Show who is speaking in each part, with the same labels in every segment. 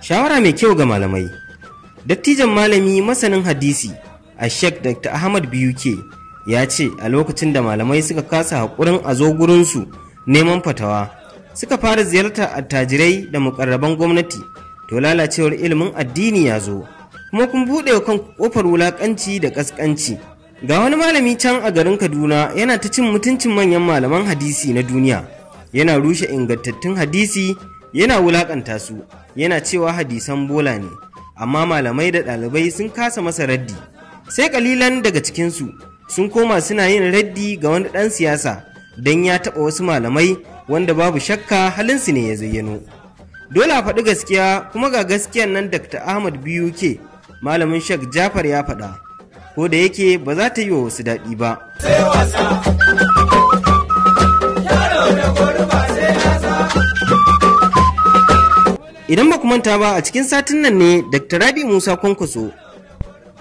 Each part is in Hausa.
Speaker 1: Shawara mai kyau ga malamai Dattijan malami masanin hadisi a Sheikh Dr. Ahmad BUK ya ce a lokacin da malamai suka kasa haƙurin a zo gurinsu neman fatawa suka fara ziyartar attajirai da mukarraban gwamnati to lalacewar ilimin addini ya zo kuma kun buɗe kan ƙofar wulaƙanci da ƙasƙanci. ga wani malami can a garin kaduna yana ta cin mutuncin manyan malaman hadisi na duniya yana rushe ingantattun hadisi yana wulaƙanta su yana cewa hadisan bola ne amma malamai da ɗalibai sun kasa masa raddi sai ƙalilan daga cikinsu sun koma suna yin raddi ga wani ɗan siyasa don ya taɓa wasu malamai wanda babu shakka halinsu ne ya zayyano dole a faɗi gaskiya kuma ga gaskiyan nan dr ahmad biyu ke malamin shek jafar ya faɗa ko da yake ba za ta yi wa wasu daɗi ba. Idan ba manta ba a cikin satin nan ne Dr. Rabi Musa Kwankwaso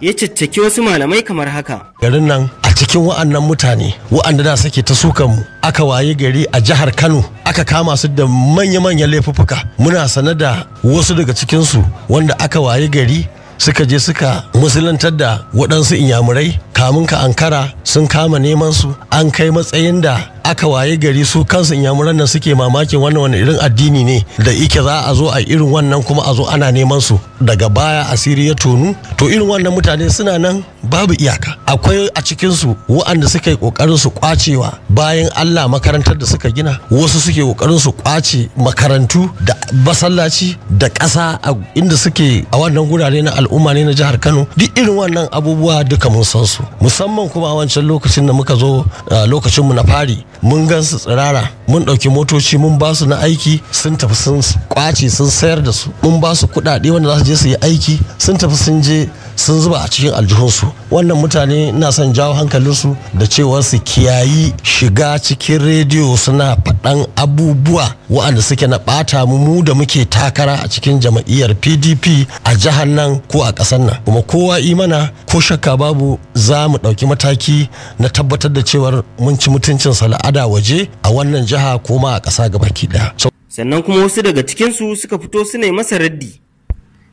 Speaker 1: ya caccaki wasu malamai kamar haka.
Speaker 2: Garin nan a cikin wa'annan mutane wa'anda da sake ta sukanmu aka waye gari a jihar Kano aka kama su da manya-manyan laifuffuka muna sane da wasu daga cikinsu wanda aka waye gari suka je suka musulantar da waɗansu inyamurai kamun ka ankara sun kama neman su an kai matsayin da aka waye gari su kansu inyamuran nan suke mamakin wannan wani irin addini ne da ike za a zo a irin wannan kuma a zo ana neman su daga baya asiri ya tonu to irin wannan mutane suna nan babu iyaka akwai a cikin su waɗanda suka yi kokarin su kwacewa bayan Allah makarantar da suka gina wasu suke kokarin su kwace makarantu da masallaci da ƙasa inda suke a wannan gurare na al'umma ne na jihar Kano duk irin wannan abubuwa duka mun san su musamman kuma a wancan lokacin da muka zo lokacinmu na fari mun gan su tsirara mun ɗauki motoci mun ba su na aiki sun tafi sun kwace sun sayar da su mun ba su kuɗaɗe wanda za su je su yi aiki sun tafi sun je sun zuba a cikin aljihunsu wannan mutane na son jawo hankalinsu da cewa su kiyayi shiga cikin rediyo suna faɗan abubuwa wa'anda suke na ɓata mu da muke takara a cikin jama'iyyar pdp a jihar nan ko a ƙasar nan kuma kowa imana ko shakka babu za mu ɗauki mataki na tabbatar da cewar mun ci mutuncin sala'ada waje a wannan jiha ko ma a ƙasa gabaki ɗaya sannan kuma wasu
Speaker 1: daga cikinsu suka fito su ne masa
Speaker 2: raddi